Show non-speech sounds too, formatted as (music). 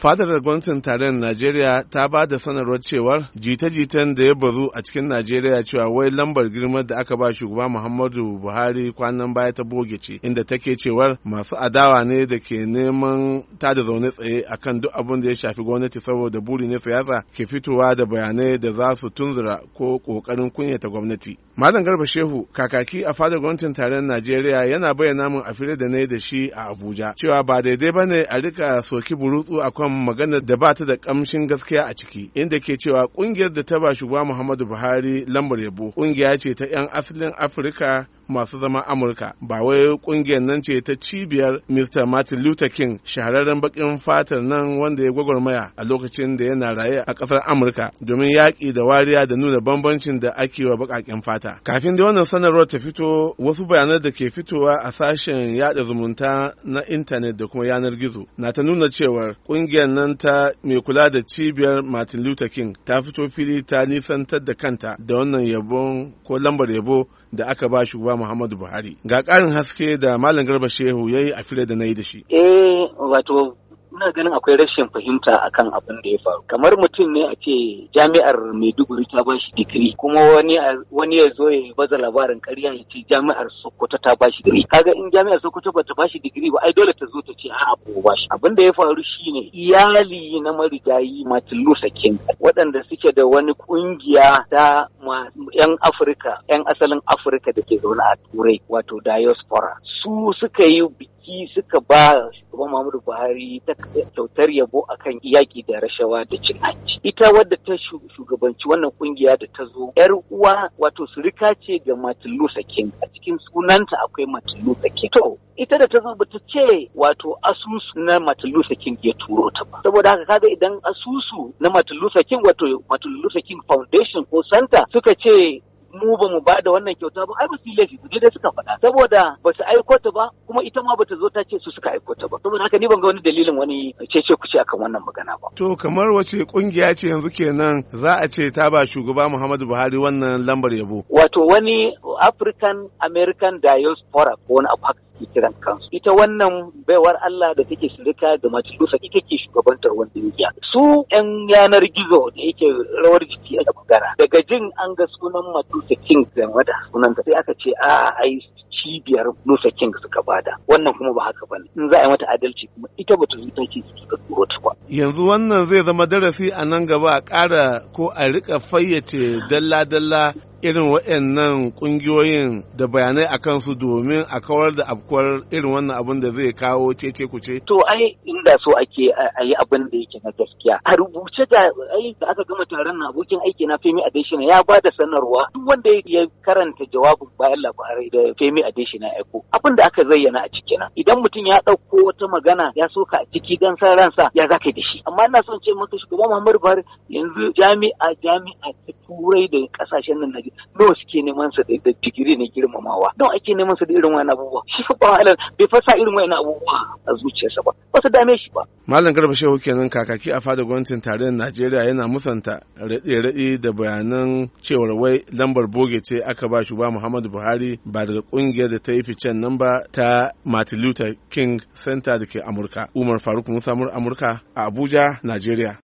fadar gwamnatin tarayyar najeriya ta ba da sanarwar cewar jita-jitan da ya bazu a cikin najeriya cewa wai lambar girma da aka ba shugaba muhammadu buhari kwanan baya ta boge ce inda take cewar masu adawa ne da ke neman ta da zaune tsaye akan duk abin da ya shafi gwamnati saboda buri ne siyasa ke fitowa da bayanai da za su tunzura ko kokarin kunyata gwamnati malam garba shehu kakaki a fadar gwamnatin tarayyar najeriya yana bayyana min a fire da ne da shi a abuja cewa ba daidai bane a rika soki burutsu akan kan maganar da ba ta da kamshin gaskiya a ciki inda ke cewa kungiyar da ta ba shugaba Muhammadu Buhari lambar yabo kungiya ce ta 'yan asalin Afirka masu zama amurka ba wai kungiyar nan ce ta cibiyar mr martin luther king shahararren bakin fatar nan wanda ya gwagwarmaya a lokacin da yana raye a kasar amurka domin yaƙi da wariya da nuna bambancin da ake wa baƙaƙen fata kafin da wannan sanarwar ta fito wasu bayanan da ke fitowa a sashen yada zumunta na intanet da kuma yanar gizo na ta nuna cewar kungiyar nan ta mai kula da cibiyar martin luther king ta fito fili ta nisantar da kanta da wannan yabon ko lambar yabo da aka ba shugaba Muhammadu Buhari. Ga ƙarin haske da Malam Garba Shehu ya yi a fira da na yi da shi. Eh, wato ina ganin akwai rashin fahimta akan abin da ya faru kamar mutum ne a ce jami'ar maiduguri ta ba shi digiri kuma wani wani ya zo ya baza labarin karya ya ce jami'ar sokoto ta ba shi digiri kaga in jami'ar sokoto ba ta ba shi digiri ba ai dole ta zo ta ce a'a ko ba shi abin da ya faru shine iyali na marigayi Martin Luther King waɗanda suke da wani ƙungiya. ta 'yan Afirka 'yan asalin Afirka da ke zaune a Turai wato diaspora su suka yi shi suka ba shugaban Muhammadu Buhari ta kyautar yabo akan yaƙi da rashawa da cin hanci. Ita wadda ta shugabanci wannan kungiya da ta zo yar uwa wato surika ce ga Martin Luther a cikin sunanta akwai Martin Luther King. To ita da ta zo ba ta ce wato asusu na Martin Luther ya turo ta ba. Saboda haka kaga idan asusu na Martin Luther King wato Martin Luther Foundation ko Center suka ce mu ba mu bada wannan kyauta ba ai ba su laifi su dai suka faɗa saboda ba su aiko ta ba kuma ita ma ba ta zo ta ce su suka aiko ta ba saboda haka ni ban ga wani dalilin wani cece kuce akan wannan magana ba to kamar wace kungiya ce yanzu kenan za a ce ta ba shugaba Muhammadu Buhari wannan lambar yabo wato wani African American Diaspora ko wani abu haka suke kiran kansu ita wannan baiwar Allah da take shirika da majalusa ita ke shugabantar wanda ya su yan yanar gizo da yake rawar jiki a magana daga jin an ga sunan matusa king game sunan sunanta sai aka ce a ah, ai cibiyar Musa King suka bada wannan kuma ba haka bane in za a yi mata adalci kuma ita bata zo ta ce suka ta ba yanzu wannan zai zama darasi a nan gaba a ƙara ko a rika fayyace dalla-dalla irin waɗannan ƙungiyoyin da bayanai a kansu domin a kawar da afkuwar irin wannan abin da zai kawo cece kuce? To ai inda so ake a yi abin da yake na gaskiya. A rubuce da ai da aka gama taron na abokin aiki na Femi Adeshina ya ba da sanarwa duk wanda ya karanta jawabin bayan labarai da Femi Adeshina ya ko abin da aka zayyana a ciki Idan mutum ya ɗauko wata magana ya soka a ciki don san ransa ya zaka da shi amma ina son ce maka shugaba Muhammadu Buhari yanzu jami'a jami'a turai da kasashen nan nawa suke neman sa da digiri na girmamawa don ake neman sa da irin wani abubuwa shi (laughs) fa ba bai fasa irin wani abubuwa a zuciyarsa ba ba su dame shi ba malam garba shehu kenan kakaki a fada gwamnatin tarayyar najeriya yana musanta raɗe-raɗe da bayanan cewar wai lambar boge ce aka ba shugaba muhammadu buhari ba daga kungiyar da ta yi ficen nan ba ta martin luther king center da ke amurka umar faruk musa amurka a abuja najeriya